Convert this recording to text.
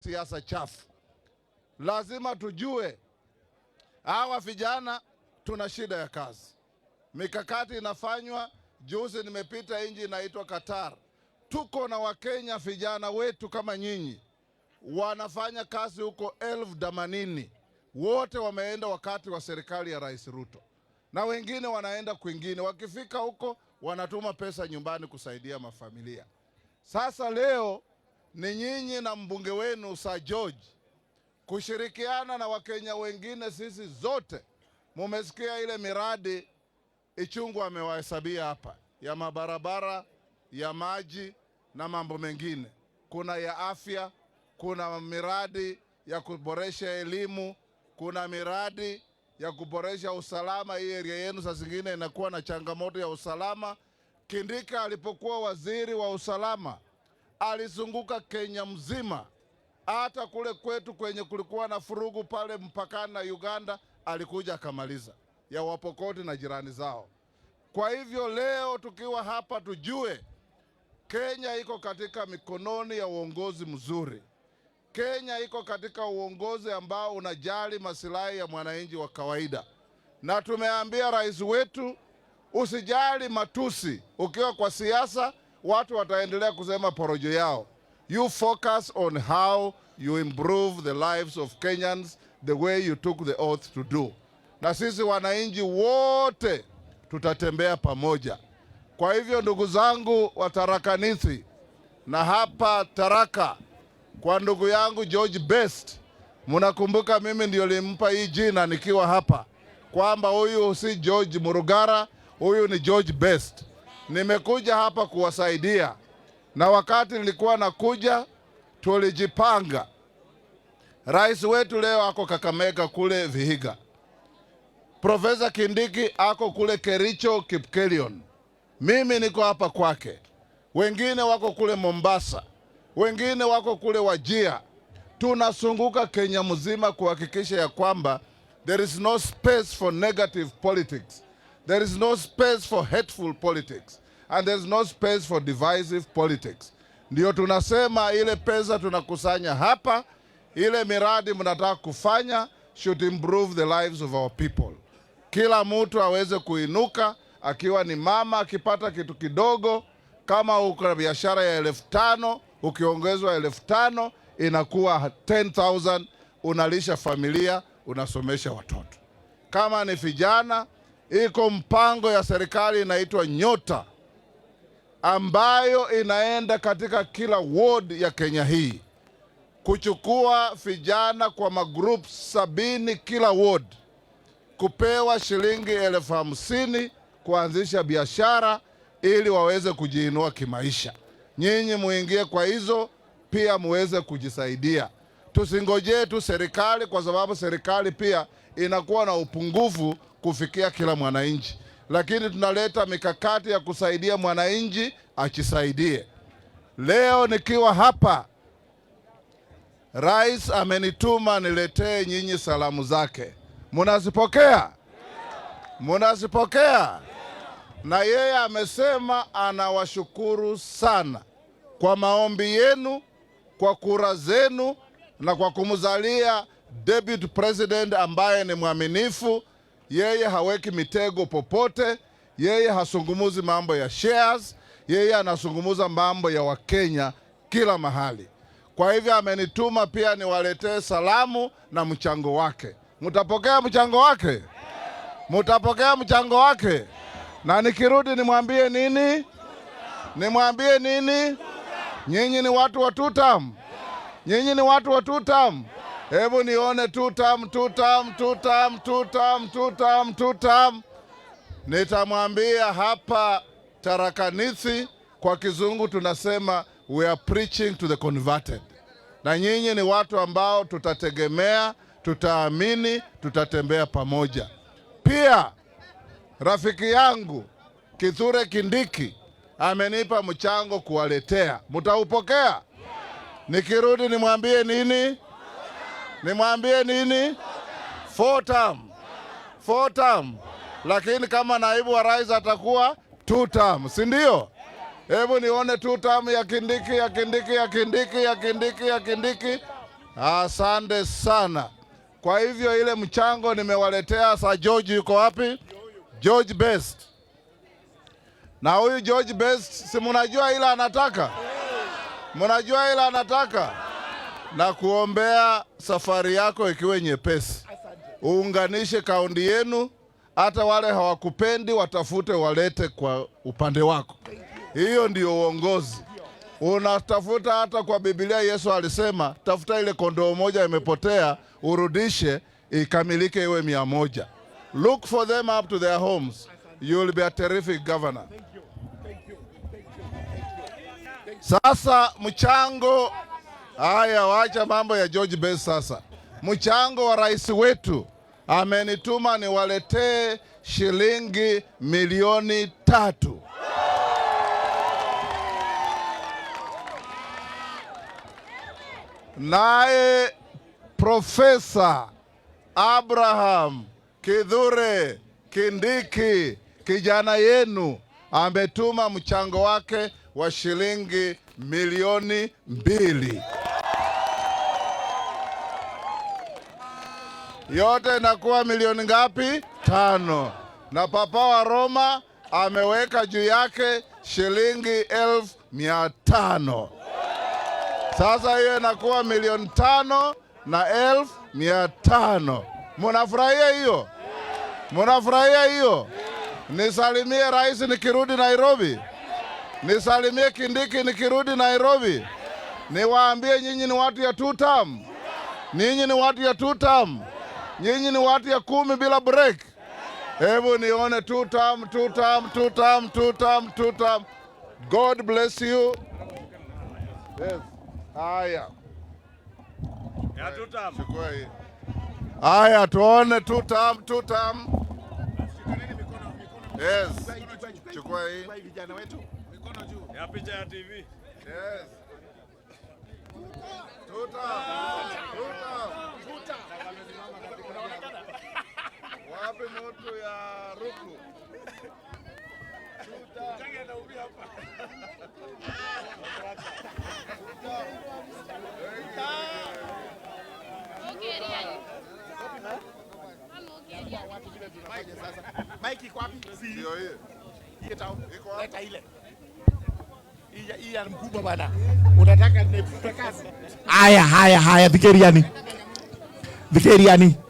siasa chafu. Lazima tujue hawa vijana tuna shida ya kazi, mikakati inafanywa. Juzi nimepita nchi inaitwa Qatar, tuko na Wakenya vijana wetu kama nyinyi, wanafanya kazi huko elfu themanini wote wameenda wakati wa serikali ya Rais Ruto, na wengine wanaenda kwingine. Wakifika huko wanatuma pesa nyumbani kusaidia mafamilia. Sasa leo ni nyinyi na mbunge wenu Sir George kushirikiana na Wakenya wengine, sisi zote mumesikia ile miradi Ichungu amewahesabia hapa ya mabarabara, ya maji na mambo mengine. Kuna ya afya, kuna miradi ya kuboresha elimu, kuna miradi ya kuboresha usalama. Hii area yenu saa zingine inakuwa na changamoto ya usalama. Kindika alipokuwa waziri wa usalama alizunguka Kenya mzima, hata kule kwetu kwenye kulikuwa na furugu pale mpakani na Uganda, alikuja akamaliza ya Wapokoti na jirani zao. Kwa hivyo leo tukiwa hapa, tujue Kenya iko katika mikononi ya uongozi mzuri. Kenya iko katika uongozi ambao unajali masilahi ya mwananchi wa kawaida, na tumeambia rais wetu, usijali matusi ukiwa kwa siasa watu wataendelea kusema porojo yao. You focus on how you improve the lives of Kenyans the way you took the oath to do, na sisi wananchi wote tutatembea pamoja. Kwa hivyo ndugu zangu wa Tarakanisi na hapa Taraka, kwa ndugu yangu George Best, mnakumbuka mimi ndio nilimpa hii jina nikiwa hapa kwamba huyu si George Murugara, huyu ni George Best nimekuja hapa kuwasaidia, na wakati nilikuwa nakuja tulijipanga. Rais wetu leo ako Kakamega kule Vihiga, Profesa Kindiki ako kule Kericho Kipkelion, mimi niko hapa kwake, wengine wako kule Mombasa, wengine wako kule Wajia. tunasunguka Kenya mzima kuhakikisha ya kwamba there is no space for negative politics. There is no space for hateful politics and there is no space for divisive politics. Ndio tunasema ile pesa tunakusanya hapa, ile miradi mnataka kufanya should improve the lives of our people. Kila mtu aweze kuinuka, akiwa ni mama akipata kitu kidogo, kama uko na biashara ya elfu tano ukiongezwa elfu tano inakuwa 10,000 unalisha familia, unasomesha watoto. Kama ni vijana iko mpango ya serikali inaitwa Nyota ambayo inaenda katika kila ward ya Kenya hii kuchukua vijana kwa magrupu sabini kila ward, kupewa shilingi elfu hamsini kuanzisha biashara ili waweze kujiinua kimaisha. Nyinyi muingie kwa hizo pia muweze kujisaidia. Tusingojee tu serikali, kwa sababu serikali pia inakuwa na upungufu kufikia kila mwananchi, lakini tunaleta mikakati ya kusaidia mwananchi achisaidie. Leo nikiwa hapa, rais amenituma niletee nyinyi salamu zake. Munazipokea? Munazipokea? Na yeye amesema anawashukuru sana kwa maombi yenu, kwa kura zenu na kwa kumzalia deputy president ambaye ni mwaminifu yeye haweki mitego popote, yeye hasungumuzi mambo ya shares, yeye anasungumuza mambo ya Wakenya kila mahali. Kwa hivyo amenituma pia niwaletee salamu na mchango wake. Mutapokea mchango wake? Mutapokea mchango wake? Na nikirudi nimwambie nini? Nimwambie nini? Nyinyi ni watu wa Tutam? Nyinyi ni watu wa Tutam? Hebu nione tutam tutam tutam tutam tutam tutam. Nitamwambia hapa tarakanisi, kwa kizungu tunasema we are preaching to the converted, na nyinyi ni watu ambao tutategemea, tutaamini, tutatembea pamoja. Pia rafiki yangu Kithure Kindiki amenipa mchango kuwaletea, mtaupokea? Nikirudi nimwambie nini? nimwambie nini? Four term. Four term. Lakini kama naibu wa rais atakuwa two term, si ndio? Hebu nione two term ya Kindiki, ya Kindiki, ya Kindiki, ya Kindiki, ya Kindiki. Asante sana. Kwa hivyo ile mchango nimewaletea. Sa George yuko wapi? George Best. Na huyu George Best si mnajua ila anataka, munajua ila anataka na kuombea safari yako ikiwe nyepesi, uunganishe kaunti yenu. Hata wale hawakupendi watafute, walete kwa upande wako. Hiyo ndio uongozi unatafuta. Hata kwa Biblia Yesu alisema, tafuta ile kondoo moja imepotea, urudishe ikamilike, iwe mia moja. Look for them up to their homes. You will be a terrific governor. Sasa mchango Haya, wacha mambo ya George Best sasa. Mchango wa rais wetu amenituma niwaletee shilingi milioni tatu. Naye Profesa Abraham Kidhure Kindiki kijana yenu ametuma mchango wake wa shilingi milioni mbili. yote inakuwa milioni ngapi? Tano. Na Papa wa Roma ameweka juu yake shilingi elfu mia tano. Sasa hiyo inakuwa milioni tano na elfu mia tano. Munafurahia hiyo? Munafurahia hiyo? Nisalimie rais nikirudi Nairobi, nisalimie Kindiki nikirudi Nairobi, niwaambie nyinyi ni watu ya tutam, nyinyi ninyi ni watu ya tutam. Nyinyi ni watu ya kumi bila break. Hebu nione two term, two term, two term, two term, two term. God bless you. Yes. Haya. Ya Chukua hii. Haya tuone two term, two term. Yes. Chukua hii. Vijana wetu. Mikono juu. Ya picha ya TV. Yes wape moto ya ruku Mike, sasa. Mike iko wapi? Ndio hiyo. Iko wapi? Leta ile. Haya, haya, haya, Vikeriani, Vikeriani.